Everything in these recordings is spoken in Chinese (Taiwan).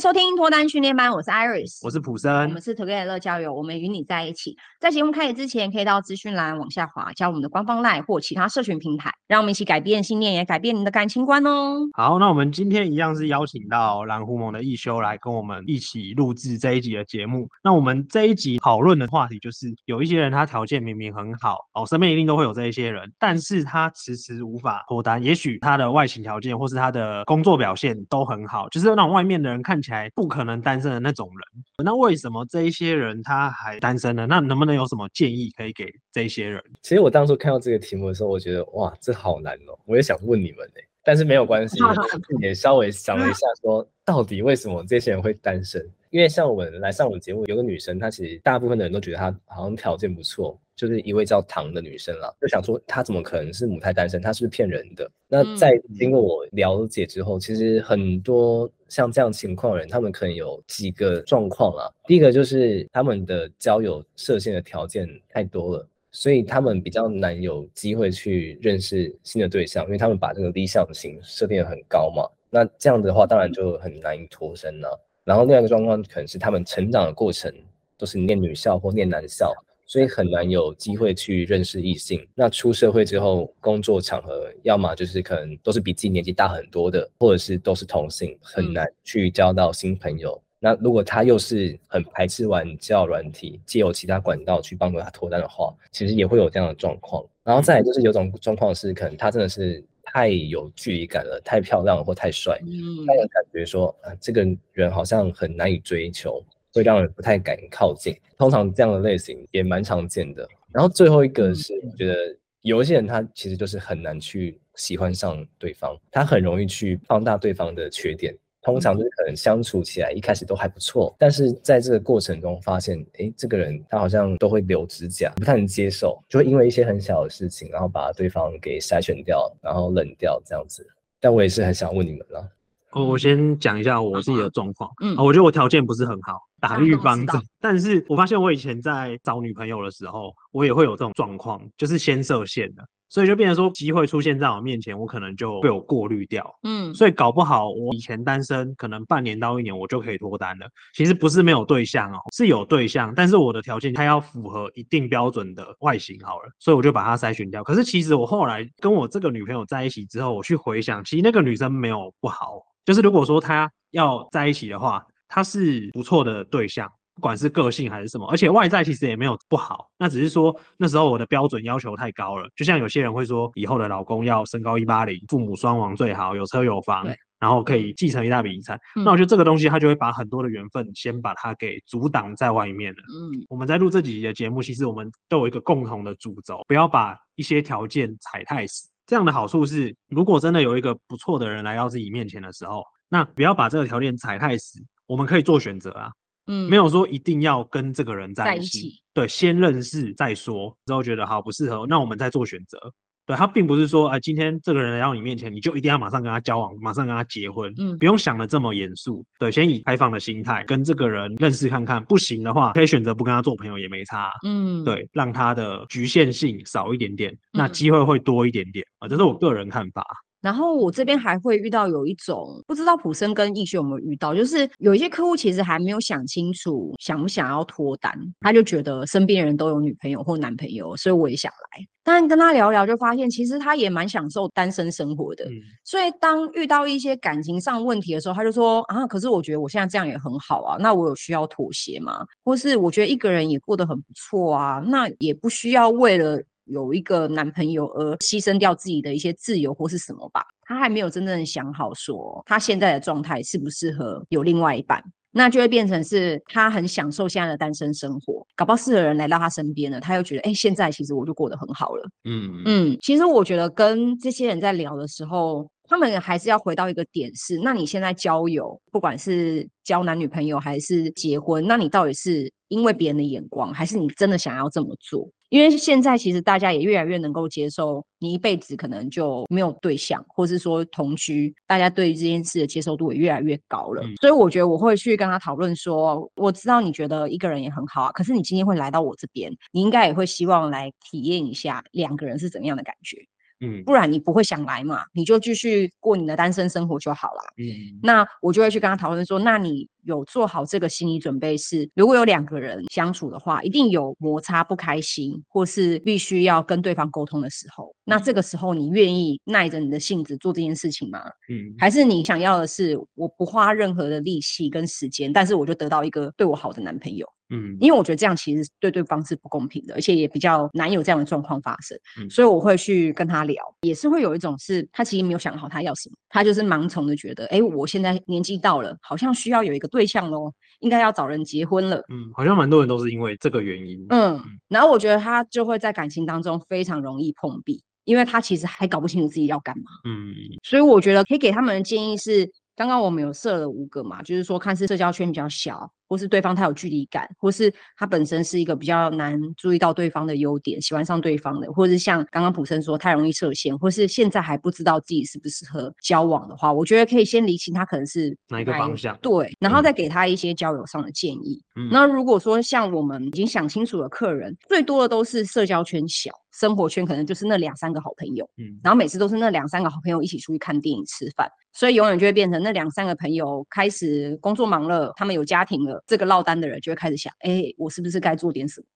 收聽脫單訓練班，我是 Iris，我是普森，我們是 Together 樂交友，我們與你在一起。在節目開始之前，可以到資訊欄往下滑，加我們的官方 LINE 或其他社群平台。讓我們一起改變信念，也改變你的感情觀哦。好，那我們今天一樣是邀請到藍狐獴的亦修來跟我們一起錄製這一集的節目。那我們這一集討論的話題就是，有一些人他條件明明很好哦，身邊一定都會有這一些人，但是他遲遲無法脫單。也許他的外形條件或是他的工作表現都很好，就是讓外面的人看起才不可能單身的那種人，那為什麼這一些人他還單身呢？那能不能有什麼建議可以給這些人？其實我當初看到這個題目的時候，我覺得哇，這好難哦、喔！我也想問你們哎、欸，但是沒有關係、喔， 也稍微想了一下說，說 到底為什麼這些人會單身？因為像我們來上我們節目，有個女生，她其實大部分的人都覺得她好像條件不錯，就是一位叫唐的女生了，就想說她怎麼可能是母胎單身？她是不是騙人的？那在經過我了解之後，其實很多像這樣情況的人，他們可能有幾個狀況啦。第一個就是他們的交友設限的條件太多了，所以他們比較難有機會去認識新的對象，因為他們把這個理想型設定得很高嘛。那這樣的話，當然就很難脫身了。然後另外一個狀況可能是他們成長的過程都是念女校或念男校，所以很難有機會去認識異性。那出社會之後，工作場合要麼就是可能都是比自己年紀大很多的，或者是都是同性，很難去交到新朋友。嗯、那如果他又是很排斥玩交友軟體，借由其他管道去幫助他脫單的話，其實也會有這樣的狀況。然後再來就是有種狀況是可能他真的是。太有距離感了，太漂亮或太帥，嗯，他也感覺說啊、呃，這個人好像很難以追求，會讓人不太敢靠近。通常這樣的類型也蠻常見的。然後最後一個是我覺得有一些人他其實就是很難去喜歡上對方，他很容易去放大對方的缺點。通常就是可能相處起來一開始都還不錯，但是在這個過程中發現，哎、欸，這個人他好像都會留指甲，不太能接受，就會因為一些很小的事情，然後把對方給篩選掉，然後冷掉這樣子。但我也是很想問你們了、啊哦，我我先講一下我自己的狀況，嗯、哦，我覺得我條件不是很好，打預防針。但是我發現我以前在找女朋友的時候，我也會有這種狀況，就是先受限的。所以就變成說，機會出現在我面前，我可能就被我過濾掉。嗯，所以搞不好我以前單身，可能半年到一年我就可以脫單了。其實不是沒有對象哦，是有對象，但是我的條件它要符合一定標準的外形好了，所以我就把它篩選掉。可是其實我後來跟我這個女朋友在一起之後，我去回想，其實那個女生沒有不好，就是如果說她要在一起的話，她是不錯的對象。不管是個性還是什麼，而且外在其實也沒有不好，那只是說那時候我的標準要求太高了。就像有些人會說，以後的老公要身高一八零，父母雙亡最好，有車有房，然後可以繼承一大筆遺產。嗯。那我覺得這個東西他就會把很多的緣分先把它給阻擋在外面了。嗯，我們在錄這幾期的節目，其實我們都有一個共同的主軸，不要把一些條件踩太死。這樣的好處是，如果真的有一個不錯的人來到自己面前的時候，那不要把這個條件踩太死，我們可以做選擇啊。嗯，沒有說一定要跟這個人在一,在一起，對，先認識再說，之後覺得好不適合，那我們再做選擇。對，他並不是說，哎、呃，今天這個人來到你面前，你就一定要馬上跟他交往，馬上跟他結婚，嗯，不用想的這麼嚴肅。對，先以開放的心態跟這個人認識看看，不行的話，可以選擇不跟他做朋友也沒差。嗯，對，讓他的局限性少一點點，嗯、那機會會多一點點啊、呃，這是我個人看法。然後我這邊還會遇到有一種，不知道普森跟亦修有沒有遇到，就是有一些客戶其實還沒有想清楚想不想要脫單，他就覺得身邊的人都有女朋友或男朋友，所以我也想來。但跟他聊聊就發現，其實他也蠻享受單身生活的，嗯。所以當遇到一些感情上問題的時候，他就說啊，可是我覺得我現在這樣也很好啊，那我有需要妥協嗎？或是我覺得一個人也過得很不錯啊，那也不需要為了。有一個男朋友而犧牲掉自己的一些自由或是什麼吧。他還沒有真正想好說，他現在的狀態適不適合有另外一半，那就會變成是他很享受現在的單身生活，搞不好適合人來到他身邊了，他又覺得哎、欸，現在其實我就過得很好了。嗯嗯，嗯，其實我覺得跟這些人在聊的時候。他們還是要回到一個點是，那你現在交友，不管是交男女朋友還是結婚，那你到底是因為別人的眼光，還是你真的想要這麼做？因為現在其實大家也越來越能夠接受，你一輩子可能就沒有對象，或是說同居，大家對於這件事的接受度也越來越高了。嗯。所以我覺得我會去跟他討論說，我知道你覺得一個人也很好啊，可是你今天會來到我這邊，你應該也會希望來體驗一下兩個人是怎麼樣的感覺。嗯，不然你不會想來嘛，你就繼續過你的單身生活就好啦。嗯，那我就會去跟他討論說，那你。有做好這個心理準備是，如果有兩個人相處的話，一定有摩擦、不開心，或是必須要跟對方溝通的時候，嗯、那這個時候你願意耐着你的性子做這件事情嗎？嗯，還是你想要的是我不花任何的力氣跟時間，但是我就得到一個對我好的男朋友？嗯，因為我覺得這樣其實對對方是不公平的，而且也比較難有這樣的狀況發生，嗯、所以我會去跟他聊，也是會有一種是他其實沒有想好他要什麼，他就是盲從的覺得，哎，我現在年紀到了，好像需要有一個對。對象咯，應該要找人結婚了。嗯，好像蠻多人都是因為這個原因嗯。嗯，然後我覺得他就會在感情當中非常容易碰壁，因為他其實還搞不清楚自己要幹嘛。嗯，所以我覺得可以給他們的建議是，剛剛我們有設了五個嘛，就是說，看似社交圈比較小，或是對方他有距離感，或是他本身是一個比較難注意到對方的優點，喜歡上對方的，或是像剛剛普森說太容易設限，或是現在還不知道自己適不適合交往的話，我覺得可以先理清他可能是哪一個方向，對，然後再給他一些交友上的建議。嗯，那如果說像我們已經想清楚的客人，最多的都是社交圈小。生活圈可能就是那兩三個好朋友，嗯，然後每次都是那兩三個好朋友一起出去看電影、吃飯，所以永遠就會變成那兩三個朋友開始工作忙了，他們有家庭了，這個落單的人就會開始想，哎、欸，我是不是該做點什麼？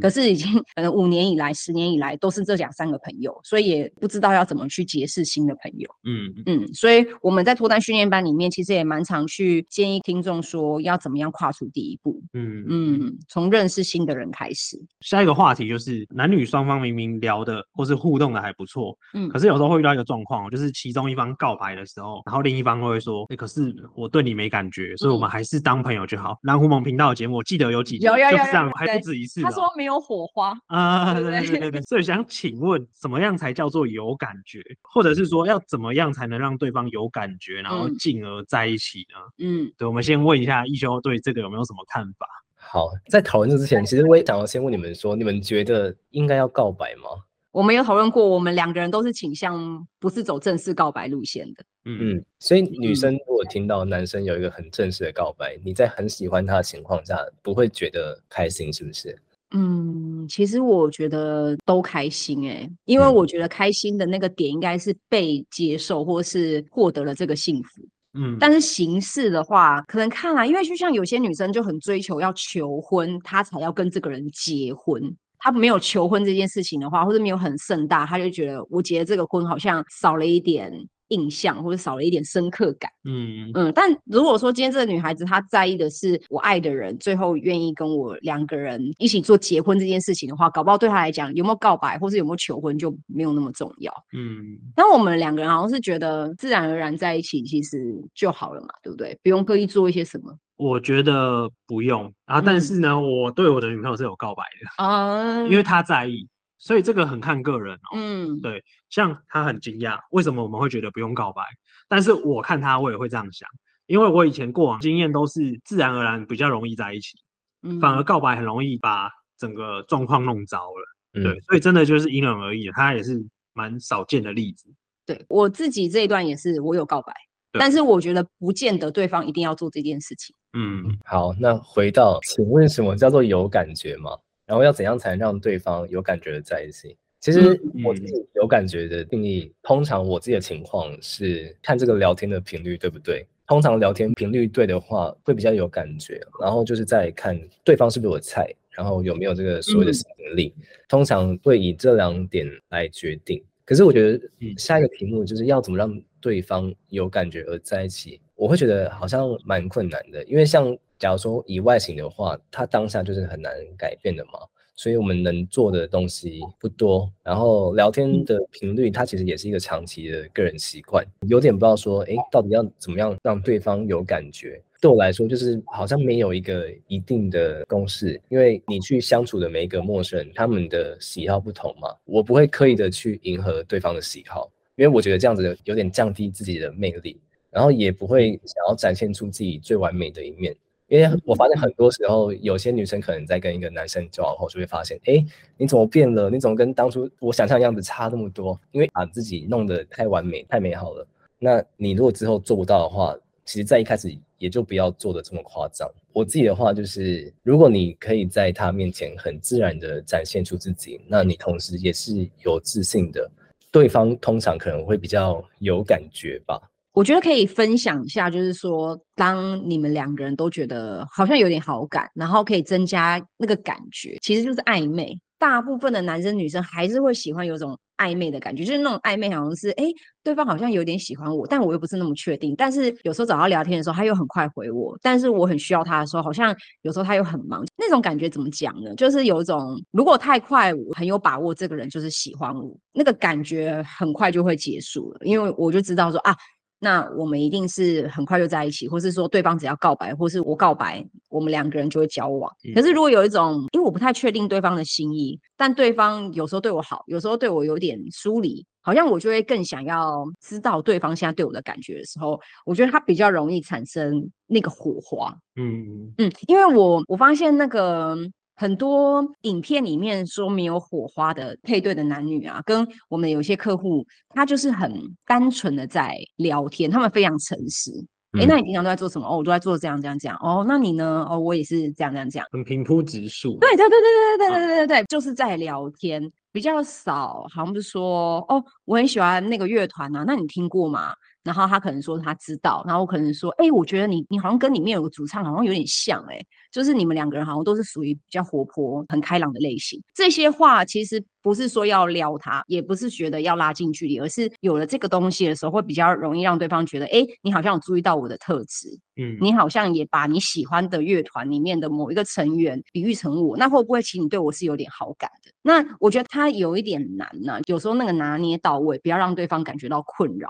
可是已經可能五年以來、十年以來都是這兩三個朋友，所以也不知道要怎麼去結識新的朋友。嗯嗯，所以我們在脫單訓練班裡面，其實也蠻常去建議聽眾說要怎麼樣跨出第一步。嗯嗯，從認識新的人開始。下一個話題就是男女雙方明明聊的或是互動的還不錯，嗯，可是有時候會遇到一個狀況，就是其中一方告白的時候，然後另一方會說，欸，可是我對你沒感覺，嗯，所以我們還是當朋友就好。藍狐獴頻道的節目，我記得有幾有有，有，有，有，有、就是這樣還不止一次的。沒有火花啊！對對對，對對對，所以想請問，怎麼樣才叫做有感覺？ 或者是說要怎麼樣才能讓對方有感覺，然後進而在一起呢？嗯，對，我們先問一下、嗯、亦修對這個有沒有什麼看法？好，在討論之前，其實我也想要先問你們說，你們覺得應該要告白嗎？我們有討論過，我們兩個人都是傾向不是走正式告白路線的。嗯嗯，所以女生、嗯、如果聽到男生有一個很正式的告白，你在很喜歡他的情況下，不會覺得開心，是不是？嗯，其實我覺得都開心欸，因為我覺得開心的那個點應該是被接受或是獲得了這個幸福。嗯，但是形式的話，可能看來，因為就像有些女生就很追求要求婚，她才要跟這個人結婚。她沒有求婚這件事情的話，或者沒有很盛大，她就覺得我結這個婚好像少了一點，印象或者少了一點深刻感，嗯嗯。但如果說今天這個女孩子她在意的是我愛的人，最後願意跟我兩個人一起做結婚這件事情的話，搞不好對她來講有沒有告白或是有沒有求婚就沒有那麼重要，嗯。那我們兩個人好像是覺得自然而然在一起其實就好了嘛，對不對？不用刻意做一些什麼。我覺得不用啊、嗯，但是呢，我對我的女朋友是有告白的啊、嗯，因為她在意。所以這個很看個人哦。嗯，對，像他很驚訝，為什麼我們會覺得不用告白？但是我看他，我也會這樣想，因為我以前過往經驗都是自然而然比較容易在一起，嗯，反而告白很容易把整個狀況弄糟了，嗯。對，所以真的就是因人而異，他也是蠻少見的例子。對，我自己這一段也是，我有告白，但是我覺得不見得對方一定要做這件事情。嗯，好，那回到，請問什麼叫做有感覺嗎？然後要怎樣才能讓對方有感覺的在一起？其實我自己有感覺的定義，通常我自己的情況是看這個聊天的頻率對不對？通常聊天頻率對的話，會比較有感覺。然後就是再看對方是不是我菜，然後有沒有這個所謂的吸引力。通常會以這兩點來決定。可是我覺得下一個題目就是要怎麼讓對方有感覺而在一起，我會覺得好像蠻困難的，因為像。假如說以外形的話，它當下就是很難改變的嘛，所以我們能做的東西不多。然後聊天的頻率，它其實也是一個長期的個人習慣，有點不知道說，誒，到底要怎麼樣讓對方有感覺？對我來說，就是好像沒有一個一定的公式，因為你去相處的每一個陌生人，他們的喜好不同嘛。我不會刻意的去迎合對方的喜好，因為我覺得這樣子有點降低自己的魅力，然後也不會想要展現出自己最完美的一面。因為我發現很多時候，有些女生可能在跟一個男生交往後，就會發現，哎，你怎麼變了？你怎麼跟當初我想象的樣子差那麼多？因為把自己弄得太完美、太美好了。那你如果之後做不到的話，其實在一開始也就不要做得這麼誇張。我自己的話就是，如果你可以在他面前很自然地展現出自己，那你同時也是有自信的，對方通常可能會比較有感覺吧。我覺得可以分享一下，就是說，當你們兩個人都覺得好像有點好感，然後可以增加那個感覺，其實就是曖昧。大部分的男生女生還是會喜歡有種曖昧的感覺，就是那種曖昧，好像是誒，對方好像有點喜歡我，但我又不是那麼確定。但是有時候找他聊天的時候，他又很快回我，但是我很需要他的時候，好像有時候他又很忙。那種感覺怎麼講呢？就是有一種，如果太快，我很有把握，這個人就是喜歡我，那個感覺很快就會結束了，因為我就知道說啊。那我們一定是很快就在一起，或是說對方只要告白，或是我告白，我們兩個人就會交往。嗯。可是如果有一種，因為我不太確定對方的心意，但對方有時候對我好，有時候對我有點疏離，好像我就會更想要知道對方現在對我的感覺的時候，我覺得他比較容易產生那個火花。嗯嗯，因為我我發現那個。很多影片裡面說沒有火花的配對的男女啊，跟我們有些客戶，他就是很單純的在聊天，他們非常誠實。哎、嗯，欸，那你平常都在做什麼？哦，我都在做這樣這樣這樣。哦，那你呢？哦，我也是這樣這樣這樣。很平鋪直敘。對對對對對對對對對對對，就是在聊天，比較少，好像不是說哦，我很喜歡那個樂團啊，那你聽過嗎？然後他可能說他知道，然後我可能說，哎，我覺得你你好像跟裡面有個主唱好像有點像，哎，就是你們兩個人好像都是屬於比較活潑、很開朗的類型。這些話其實不是說要撩他，也不是覺得要拉近距離，而是有了這個東西的時候，會比較容易讓對方覺得，哎，你好像有注意到我的特質，嗯，你好像也把你喜歡的樂團裡面的某一個成員比喻成我，那會不會其實你對我是有點好感的？那我覺得他有一點難呢，有時候那個拿捏到位，不要讓對方感覺到困擾。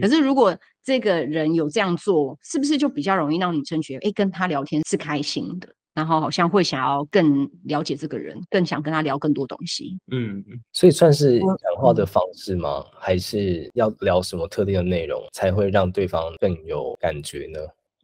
可是，如果這個人有這樣做，是不是就比較容易讓女生覺得，哎，跟他聊天是開心的，然後好像會想要更了解這個人，更想跟他聊更多東西？嗯，所以算是講話的方式嗎？嗯，還是要聊什麼特定的內容才會讓對方更有感覺呢？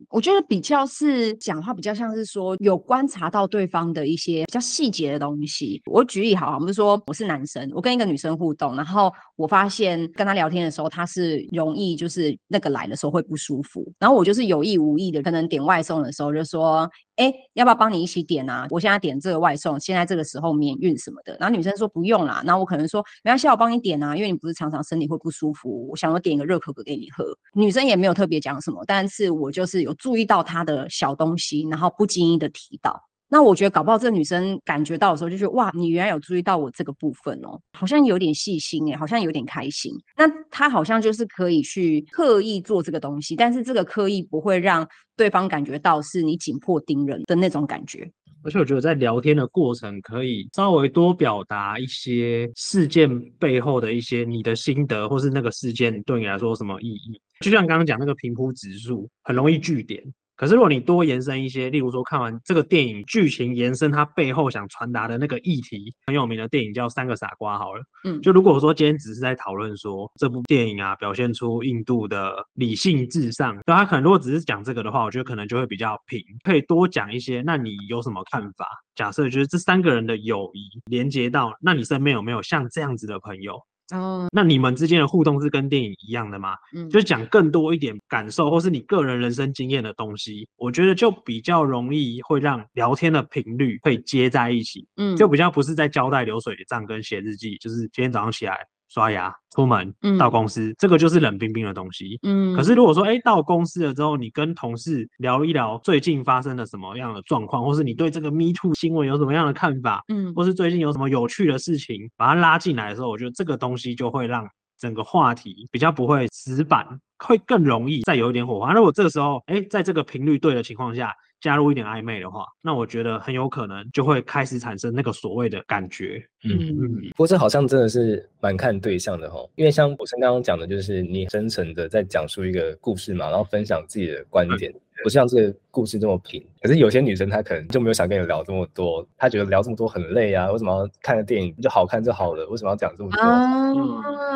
我覺得比較是講話比較像是說有觀察到對方的一些比較細節的東西。我舉例，好，我們說我是男生，我跟一個女生互動，然後我發現跟她聊天的時候，她是容易就是那個來的時候會不舒服，然後我就是有意無意的，可能點外送的時候就說。哎、欸，要不要幫你一起點啊？我現在點這個外送，現在這個時候免運什麼的。然後女生說不用啦。然後我可能說沒關係，我幫你點啊，因為你不是常常身體會不舒服，我想說點一個熱可可給你喝。女生也沒有特別講什麼，但是我就是有注意到她的小東西，然後不經意的提到。那我覺得搞不好，這個女生感覺到的時候，就覺得哇，你原來有注意到我這個部分哦，好像有點細心哎，好像有點開心。那她好像就是可以去刻意做這個東西，但是這個刻意不會讓對方感覺到是你緊迫盯人的那種感覺。而且我覺得在聊天的過程，可以稍微多表達一些事件背後的一些你的心得，或是那個事件對你來說有什麼意義。就像剛剛講那個平鋪直敘，很容易句點。可是，如果你多延伸一些，例如說看完這個電影劇情延伸，它背後想傳達的那個議題，很有名的電影叫《三個傻瓜》。好了，嗯，就如果說今天只是在討論說這部電影啊，表現出印度的理性至上，就它可能如果只是講這個的話，我覺得可能就會比較平，可以多講一些。那你有什麼看法？假設就是這三個人的友誼連接到，那你身邊有沒有像這樣子的朋友？哦，那你們之間的互動是跟電影一樣的嗎？嗯，就講更多一點感受，或是你個人人生經驗的東西，我覺得就比較容易會讓聊天的頻率會接在一起，嗯，就比較不是在交代流水賬跟寫日記，就是今天早上起來。刷牙，出門，到公司，嗯，這個就是冷冰冰的東西，嗯。可是如果說，哎、欸，到公司了之後，你跟同事聊一聊最近發生了什麼樣的狀況，或是你對這個 MeToo 新聞有什麼樣的看法，嗯，或是最近有什麼有趣的事情，把它拉進來的時候，我覺得這個東西就會讓整個話題比較不會死板，會更容易再有一點火花。那如果這個時候，哎、欸，在這個頻率對的情況下加入一點曖昧的話，那我覺得很有可能就會開始產生那個所謂的感覺。嗯，不過這好像真的是蠻看對象的吼，因為像我先剛剛講的，就是你真誠的在講述一個故事嘛，然後分享自己的觀點，不像這個故事這麼平。可是有些女生她可能就沒有想跟你聊這麼多，她覺得聊這麼多很累啊，為什麼看個電影就好看就好了，為什麼要講這麼多？啊，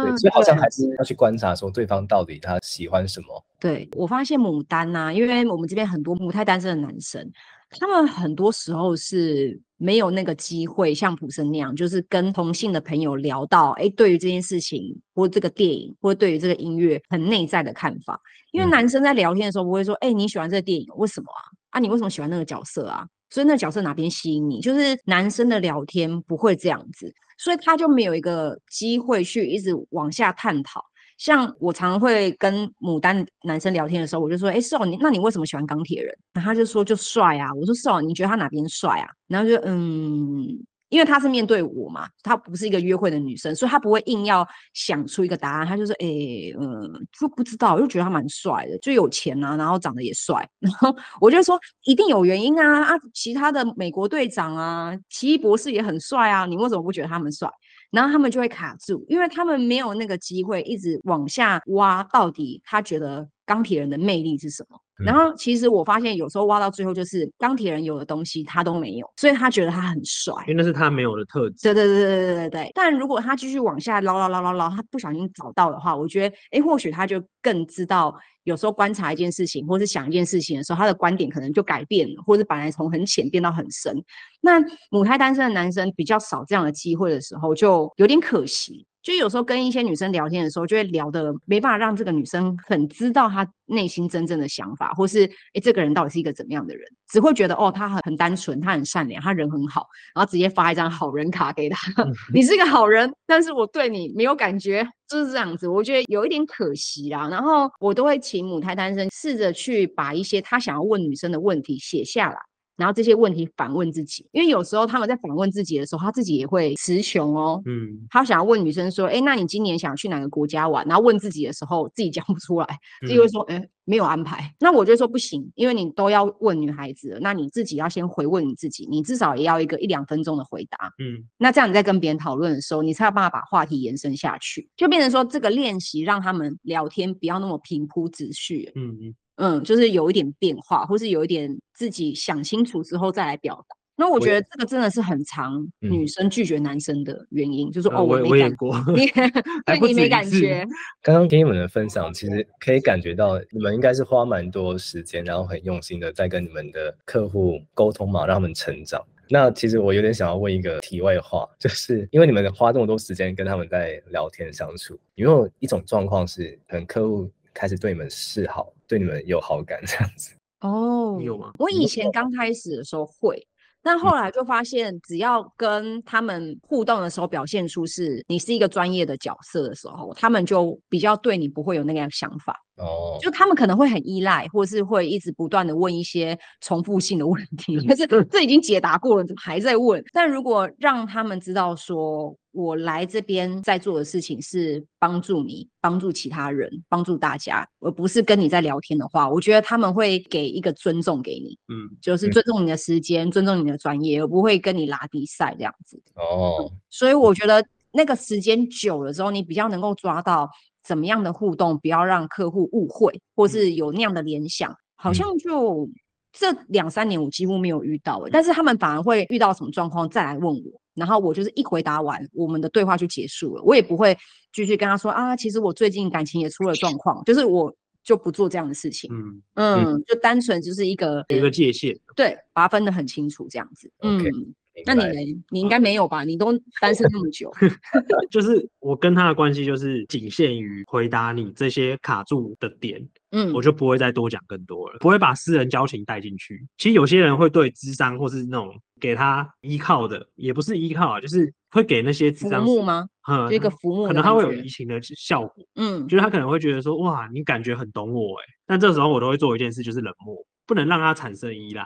嗯，所以好像還是要去觀察說對方到底她喜歡什麼。對，我發現牡丹吶，啊，因為我們這邊很多母胎單身的男生。他們很多時候是沒有那個機會，像普森那樣，就是跟同性的朋友聊到，哎、欸，對於這件事情或這個電影或對於這個音樂很內在的看法。因為男生在聊天的時候，不會說，哎、嗯欸，你喜歡這個電影為什麼啊？啊，你為什麼喜歡那個角色啊？所以那個角色哪邊吸引你？就是男生的聊天不會這樣子，所以他就沒有一個機會去一直往下探討。像我常常會跟牡丹男生聊天的時候，我就說：哎、欸，是哦，你那你為什麼喜歡鋼鐵人？然後他就說：就帥啊。我說：是哦，你覺得他哪邊帥啊？然後就嗯，因為他是面對我嘛，他不是一個約會的女生，所以他不會硬要想出一個答案。他就說哎、欸，嗯，就不知道，我就覺得他蠻帥的，就有錢啊，然後長得也帥。然後我就說，一定有原因啊啊，其他的美國隊長啊，奇異博士也很帥啊，你為什麼不覺得他們帥？然後他們就會卡住，因為他們沒有那個機會一直往下挖，到底他覺得鋼鐵人的魅力是什麼？然後其實我發現，有時候挖到最後，就是鋼鐵人有的東西他都沒有，所以他覺得他很帥，因為那是他沒有的特質。對對對對對對對。但如果他繼續往下撈撈撈撈撈，他不小心找到的話，我覺得哎，或許他就更知道，有時候觀察一件事情，或是想一件事情的時候，他的觀點可能就改變，或是本來從很淺變到很深。那母胎單身的男生比較少這樣的機會的時候，就有點可惜。就有時候跟一些女生聊天的時候，就會聊得沒辦法讓這個女生很知道她內心真正的想法，或是誒，欸，這個人到底是一個怎麼樣的人，只會覺得哦，她很很單純，她很善良，她人很好，然後直接發一張好人卡給她， 你是個好人，但是我對你沒有感覺，就是這樣子。我覺得有一點可惜啊，然後我都會請母胎單身試着去把一些她想要問女生的問題寫下來。然後這些問題反問自己，因為有時候他們在反問自己的時候，他自己也會詞窮哦。嗯，他想要問女生說：“誒，那你今年想去哪個國家玩？”然後問自己的時候，自己講不出來，嗯，就會說：“誒，沒有安排。”那我就說不行，因為你都要問女孩子了，那你自己要先回問你自己，你至少也要一個一兩分鐘的回答。嗯，那這樣你在跟別人討論的時候，你才有辦法把話題延伸下去，就變成說這個練習讓他們聊天不要那麼平鋪直敘。嗯嗯。嗯，就是有一點變化，或是有一點自己想清楚之後再來表達。那我覺得這個真的是很常女生拒絕男生的原因，嗯、就是哦，我沒感覺，嗯、過你你沒感覺。剛剛給你們的分享，其實可以感覺到你們應該是花蠻多時間，然後很用心的在跟你們的客戶溝通嘛，讓他們成長。那其實我有點想要問一個題外話，就是因為你們花這麼多時間跟他們在聊天相處，有沒有一種狀況是，可能客戶？開始對你們示好，對你們有好感這樣子哦，有、oh, 嗎？我以前剛開始的時候會，嗯、但後來就發現，只要跟他們互動的時候表現出是你是一個專業的角色的時候，他們就比較對你不會有那個想法。哦、oh.，就他們可能會很依賴，或是會一直不斷的問一些重複性的問題，可 是 這已經解答過了，怎麼還在問？但如果讓他們知道說，我來這邊在做的事情是幫助你、幫助其他人、幫助大家，而不是跟你在聊天的話，我覺得他們會給一個尊重給你，嗯，就是尊重你的時間、嗯，尊重你的專業，而不會跟你拉比賽這樣子。哦、oh.，所以我覺得那個時間久了之後，你比較能夠抓到。怎麼樣的互動，不要讓客戶誤會，或是有那樣的聯想，好像就這兩三年我幾乎沒有遇到、欸嗯、但是他們反而會遇到什麼狀況再來問我，然後我就是一回答完，我們的對話就結束了，我也不會繼續跟他說啊，其實我最近感情也出了狀況、嗯，就是我就不做這樣的事情，嗯嗯，就單純就是一個一個界限，對，把它分得很清楚這樣子，嗯。Okay. 那你們你應該沒有吧？你都單身那麼久， 就是我跟他的關係就是僅限於回答你這些卡住的點，嗯，我就不會再多講更多了，不會把私人交情帶進去。其實有些人會對諮商或是那種給他依靠的，也不是依靠，啊，就是會給那些諮商師服務嗎？嗯，一個服務，可能他會有移情的效果，嗯，就是他可能會覺得說哇，你感覺很懂我、欸、但這時候我都會做一件事，就是冷漠，不能讓他產生依賴。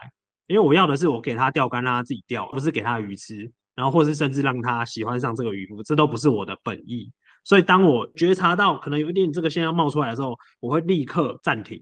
因為我要的是我給他釣竿，讓他自己釣，不是給他魚吃，然後或是甚至讓他喜歡上這個魚，這都不是我的本意。所以當我覺察到可能有一點這個現象冒出來的時候，我會立刻暫停。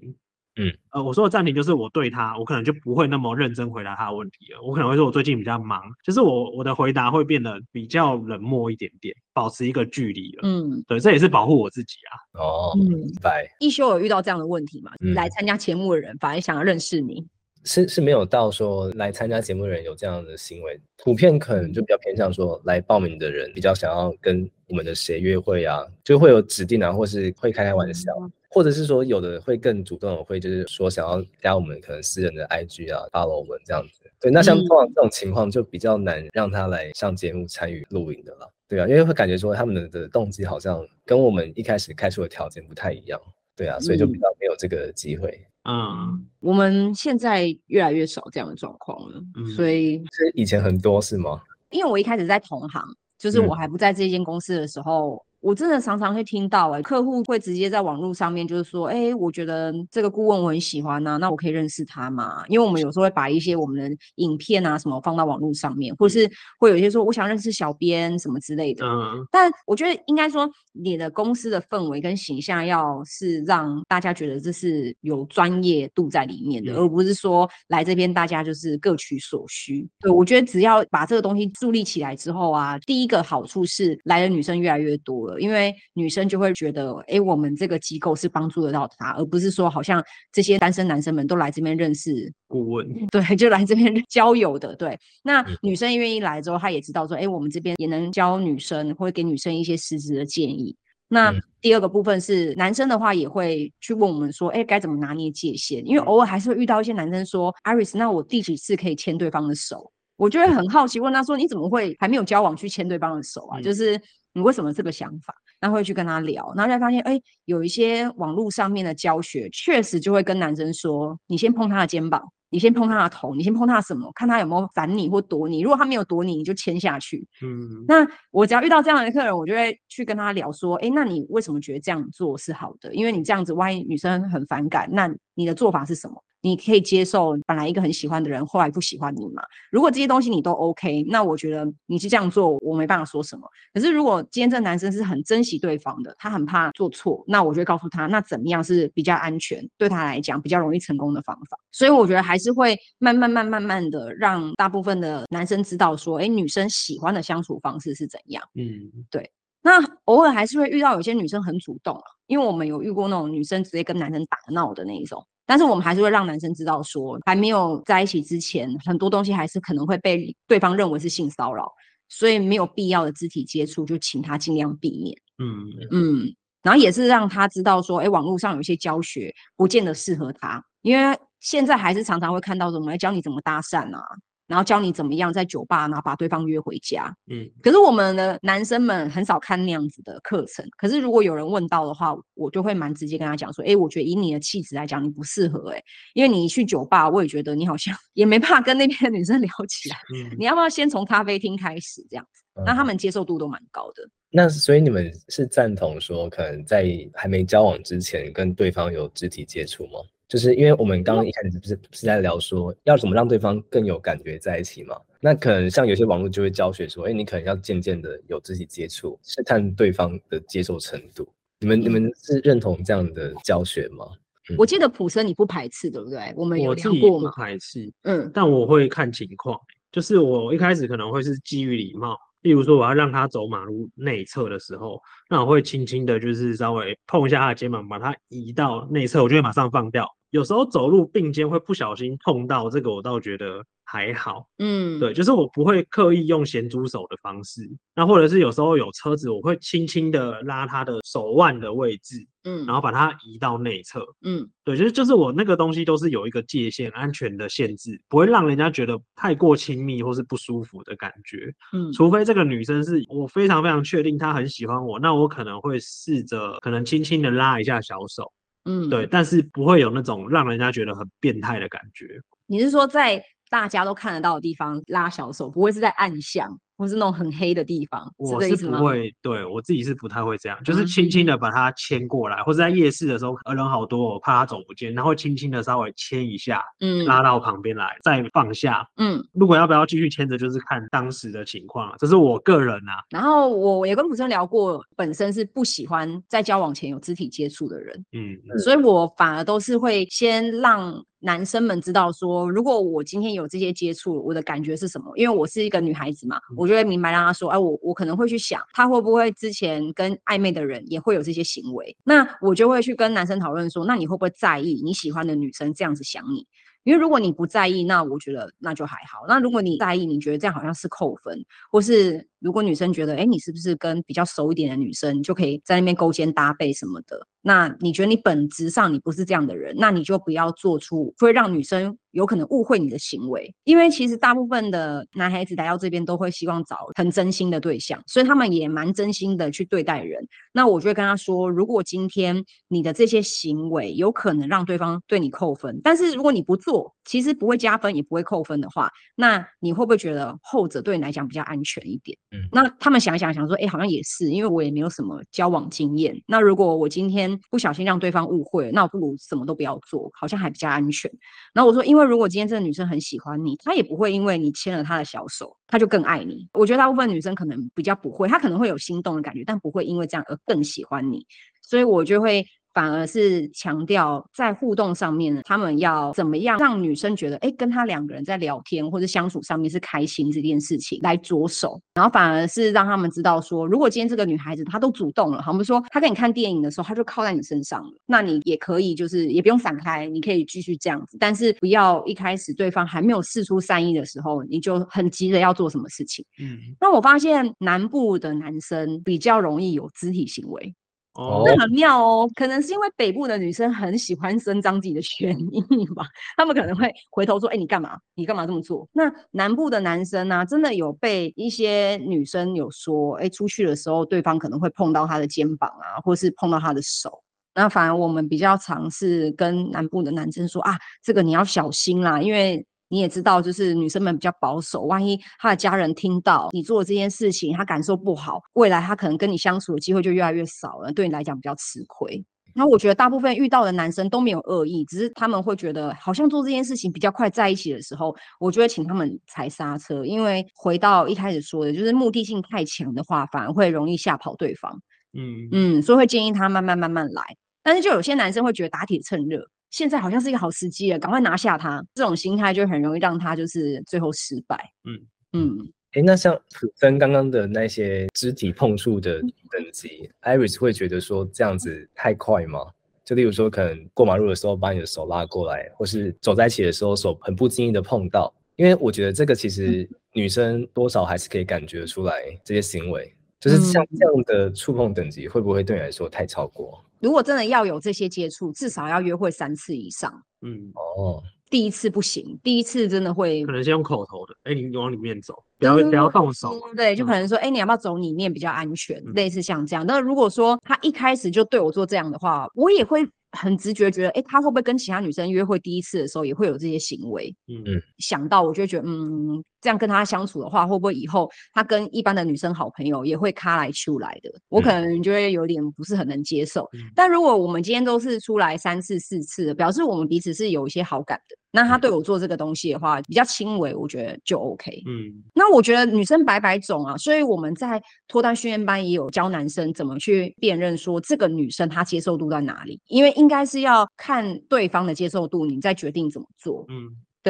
嗯，呃，我說的暫停就是我對他，我可能就不會那麼認真回答他的問題了。我可能會說，我最近比較忙，就是我我的回答會變得比較冷漠一點點，保持一個距離了。嗯，對，這也是保護我自己啊。哦，明、嗯、白。Bye. 亦修有遇到這樣的問題嗎？嗯、你來參加節目的人反而想要認識你。是是沒有到說來參加節目的人有這樣的行為，普遍可能就比較偏向說來報名的人比較想要跟我們的誰約會啊，就會有指定啊，或是會開開玩笑，或者是說有的會更主動的會就是說想要加我們可能私人的 IG 啊、mm.，follow 我們這樣子。對，那像通常這種情況就比較難讓他來上節目參與錄影的了，對啊，因為會感覺說他們的的動機好像跟我們一開始開出的條件不太一樣，對啊，所以就比較沒有這個機會。嗯，um，我們現在越來越少這樣的狀況了，嗯，所以，所以以前很多是嗎？因為我一開始在同行，就是我還不在這間公司的時候。嗯。我真的常常會聽到哎、欸，客戶會直接在網絡上面就是說，哎、欸，我覺得這個顧問我很喜歡啊，那我可以認識他嘛？因為我們有時候會把一些我們的影片啊什麼放到網絡上面，或是會有些說我想認識小編什麼之類的。嗯，但我覺得應該說你的公司的氛圍跟形象要是讓大家覺得這是有專業度在裡面的，嗯，而不是說來這邊大家就是各取所需。對，我覺得只要把這個東西樹立起來之後啊，第一個好處是來的女生越來越多了。因為女生就會覺得，哎、欸，我們這個機構是幫助得到她，而不是說好像這些單身男生們都來這邊認識顧問，對，就來這邊交友的，對。那女生願意來之後，他也知道說，哎、欸，我們這邊也能教女生，會給女生一些實質的建議。那第二個部分是男生的話，也會去問我們說，哎、欸，該怎麼拿捏界限？因為偶爾還是會遇到一些男生說，Iris，那我第幾次可以牽對方的手？我就會很好奇問他說，你怎麼會還沒有交往去牽對方的手啊？嗯、就是。你為什麼這個想法？然後會去跟他聊，然後就發現，哎、欸，有一些網絡上面的教學，確實就會跟男生說，你先碰他的肩膀，你先碰他的頭，你先碰他的什麼，看他有沒有煩你或躲你。如果他沒有躲你，你就牽下去。嗯，嗯，那我只要遇到這樣的客人，我就會去跟他聊說，哎、欸，那你為什麼覺得這樣做是好的？因為你這樣子歪，萬一女生很反感，那你的做法是什麼？你可以接受本來一個很喜歡的人後來不喜歡你嘛？如果這些東西你都 OK，那我覺得你是這樣做，我沒辦法說什麼。可是如果今天這個男生是很珍惜對方的，他很怕做錯，那我就會告訴他，那怎麼樣是比較安全，對他來講比較容易成功的方法。所以我覺得還是會慢慢、慢、慢、慢慢的讓大部分的男生知道說，哎，女生喜歡的相處方式是怎樣。嗯，對。那偶爾還是會遇到有些女生很主動啊，因為我們有遇過那種女生直接跟男生打鬧的那一種。但是我們還是會讓男生知道說，說還沒有在一起之前，很多東西還是可能會被對方認為是性騷擾，所以沒有必要的肢體接觸就請他盡量避免。嗯嗯，然後也是讓他知道說，哎、欸，網絡上有一些教學不見得適合他，因為現在還是常常會看到什麼來教你怎麼搭訕啊。然後教你怎麼樣在酒吧，然後把對方約回家。嗯，可是我們的男生們很少看那樣子的課程。可是如果有人問到的話，我就會蠻直接跟他講說，欸，我覺得以你的氣質來講，你不適合欸。哎，因為你一去酒吧，我也覺得你好像也沒辦法跟那邊的女生聊起來。嗯，你要不要先從咖啡廳開始這樣子。嗯，那他們接受度都蠻高的。那所以你們是贊同說，可能在還沒交往之前跟對方有肢體接觸嗎？就是因為我們剛剛一開始不是是在聊說要怎麼讓對方更有感覺在一起嘛，那可能像有些網絡就會教學說，哎、欸，你可能要漸漸的有肢體接觸，試探對方的接受程度。你們你們是認同這樣的教學嗎？嗯、我記得普森你不排斥，對不對？我們有聊過嘛。我自己不排斥，嗯，但我會看情況、嗯，就是我一開始可能會是基於禮貌，例如說我要讓他走馬路內側的時候，那我會輕輕的，就是稍微碰一下他的肩膀，把他移到內側，我就會馬上放掉。有時候走路並肩會不小心碰到，這個我倒覺得還好。嗯，對，就是我不會刻意用鹹豬手的方式。那或者是有時候有車子，我會輕輕的拉他的手腕的位置。嗯，然後把它移到內側。嗯，對，就是就是我那個東西都是有一個界限，安全的限制，不會讓人家覺得太過親密或是不舒服的感覺。嗯，除非這個女生是我非常非常確定她很喜歡我，那我可能會試着可能輕輕的拉一下小手。嗯，對，但是不會有那種讓人家覺得很變態的感覺。你是說在…大家都看得到的地方拉小手，不會是在暗巷或是，那種很黑的地方。是是，我是不會，對，我自己是不太會這樣，就是輕輕的把它牽過來，嗯、或是在夜市的時候，可能人好多，我怕他走不見，然後輕輕的稍微牽一下，嗯，拉到旁邊來，再放下，嗯，如果要不要繼續牽着，就是看當時的情況，這是我個人啊。然後我也跟普森聊過，本身是不喜歡在交往前有肢體接觸的人，嗯，所以我反而都是會先讓。男生們知道說，如果我今天有這些接觸，我的感覺是什麼？因為我是一個女孩子嘛，我就會明白。讓他說，哎、啊，我我可能會去想，他會不會之前跟曖昧的人也會有這些行為？那我就會去跟男生討論說，那你會不會在意你喜歡的女生這樣子想你？因為如果你不在意，那我覺得那就還好。那如果你在意，你覺得這樣好像是扣分，或是如果女生覺得，哎，你是不是跟比較熟一點的女生就可以在那邊勾肩搭背什麼的？那你覺得你本質上你不是這樣的人，那你就不要做出會讓女生有可能誤會你的行為，因為其實大部分的男孩子來到這邊都會希望找很真心的對象，所以他們也蠻真心的去對待人。那我就跟他說，如果今天你的這些行為有可能讓對方對你扣分，但是如果你不做，其實不會加分也不會扣分的話，那你會不會覺得後者對你來講比較安全一點？嗯，那他們想想想說，誒、欸，好像也是，因為我也沒有什麼交往經驗。那如果我今天不小心讓對方誤會，那我不如什麼都不要做，好像還比較安全。然後我說，因為如果今天這個女生很喜歡你，她也不會因為你牽了她的小手，她就更愛你。我覺得大部分女生可能比較不會，她可能會有心動的感覺，但不會因為這樣而更喜歡你。所以我就會。反而是強調在互動上面，他們要怎麼樣讓女生覺得，哎、欸，跟他兩個人在聊天或者相處上面是開心這件事情來着手，然後反而是讓他們知道說，如果今天這個女孩子她都主動了，好，我們說她跟你看電影的時候，她就靠在你身上了，那你也可以就是也不用閃開，你可以繼續這樣子，但是不要一開始對方還沒有釋出善意的時候，你就很急着要做什麼事情。嗯，那我發現南部的男生比較容易有肢體行為。那很妙哦，可能是因為北部的女生很喜歡伸張自己的權益吧，他們可能會回頭說，哎、欸，你幹嘛？你幹嘛這麼做？那南部的男生呢、啊？真的有被一些女生有說，哎、欸，出去的時候對方可能會碰到他的肩膀啊，或是碰到他的手。那反而我們比較常是跟南部的男生說啊，這個你要小心啦，因為，你也知道，就是女生們比較保守，萬一她的家人聽到你做的這件事情，她感受不好，未來她可能跟你相處的機會就越來越少了，對你來講比較吃虧。那我覺得大部分遇到的男生都沒有惡意，只是他們會覺得好像做這件事情比較快，在一起的時候，我就會請他們踩剎車，因為回到一開始說的，就是目的性太強的話，反而會容易嚇跑對方。嗯嗯，所以會建議他慢慢慢慢來。但是就有些男生會覺得打鐵趁熱。現在好像是一個好時機了，趕快拿下他，這種心態就很容易讓他就是最後失敗。嗯嗯，哎、欸，那像普森剛剛的那些肢體碰觸的等級，艾瑞斯會覺得說這樣子太快嗎？就例如說可能過馬路的時候把你的手拉過來，或是走在一起的時候手很不經意的碰到，因為我覺得這個其實女生多少還是可以感覺出來這些行為，就是像這樣的觸碰等級會不會對你來說太超過？嗯嗯如果真的要有這些接觸，至少要約會三次以上。嗯，哦，第一次不行，第一次真的會，可能先用口頭的。哎，欸，你往裡面走，嗯，不要不要動手。對，就可能說，哎，嗯，欸，你要不要走裡面比較安全？嗯，類似像這樣。那如果說他一開始就對我做這樣的話，我也會很直覺覺得，哎，欸，他會不會跟其他女生約會？第一次的時候也會有這些行為。嗯，嗯，想到我就會覺得，嗯。這樣跟他相處的話，會不會以後他跟一般的女生好朋友也會卡來出來的、嗯？我可能覺得有點不是很能接受、嗯。但如果我們今天都是出來三次四次的，表示我們彼此是有一些好感的，那他對我做這個東西的話，嗯、比較輕微，我覺得就 OK。嗯，那我覺得女生百百種啊，所以我們在脫單訓練班也有教男生怎麼去辨認說，這個女生她接受度在哪裡，因為應該是要看對方的接受度，你再決定怎麼做。嗯。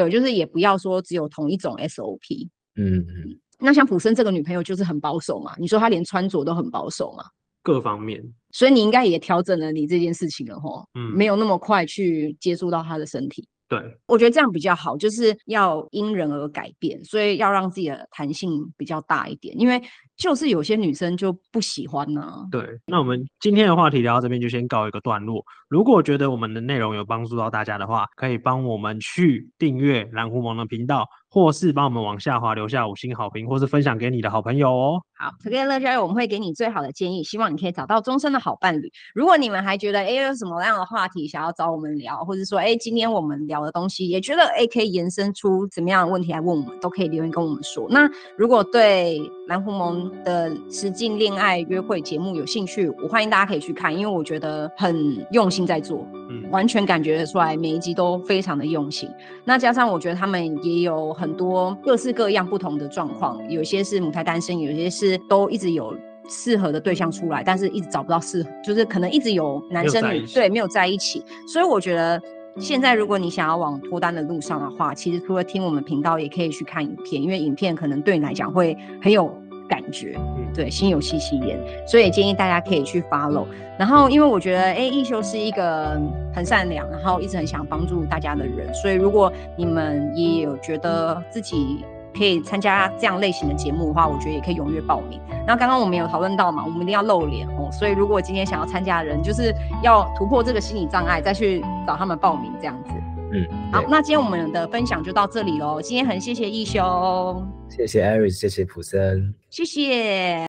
對，就是也不要說只有同一種 SOP。嗯嗯，那像普森這個女朋友就是很保守嘛，你說她連穿着都很保守嘛，各方面。所以你應該也調整了你這件事情了吼，嗯，沒有那麼快去接觸到她的身體。對，我覺得這樣比較好，就是要因人而改變，所以要讓自己的彈性比較大一點，因為就是有些女生就不喜歡呢、啊。對，那我們今天的話題聊到這邊就先告一個段落。如果覺得我們的內容有幫助到大家的話，可以幫我們去訂閱藍狐獴的頻道。或是幫我們往下滑，留下五星好評，或是分享給你的好朋友哦。好，特別樂交友，我們會給你最好的建議，希望你可以找到終身的好伴侶。如果你們還覺得，哎，有什麼樣的話題想要找我們聊，或者說，哎，今天我們聊的東西也覺得，哎，可以延伸出怎麼樣的問題來問我們，都可以留言跟我們說。那如果對藍狐盟的實境戀愛約會節目有興趣，我歡迎大家可以去看，因為我覺得很用心在做。嗯、完全感覺得出來，每一集都非常的用心。那加上我覺得他們也有很多各式各樣不同的狀況，有些是母胎單身，有些是都一直有適合的對象出來，但是一直找不到適合。就是可能一直有男生女對，沒有在一起。所以我覺得現在如果你想要往脫單的路上的話，嗯、其實除了聽我們頻道，也可以去看影片，因為影片可能對你來講會很有。感覺，對，心有戚戚焉，所以也建議大家可以去 follow。然後，因為我覺得，哎、欸，亦修是一個很善良，然後一直很想幫助大家的人，所以如果你們也有覺得自己可以參加這樣類型的節目的話，我覺得也可以踴躍報名。然後剛剛我們有討論到嘛，我們一定要露臉哦，所以如果今天想要參加的人，就是要突破這個心理障礙，再去找他們報名這樣子。嗯，好，那今天我們的分享就到這裡嘍。今天很謝謝亦修，謝謝 Iris，謝謝普森，謝謝。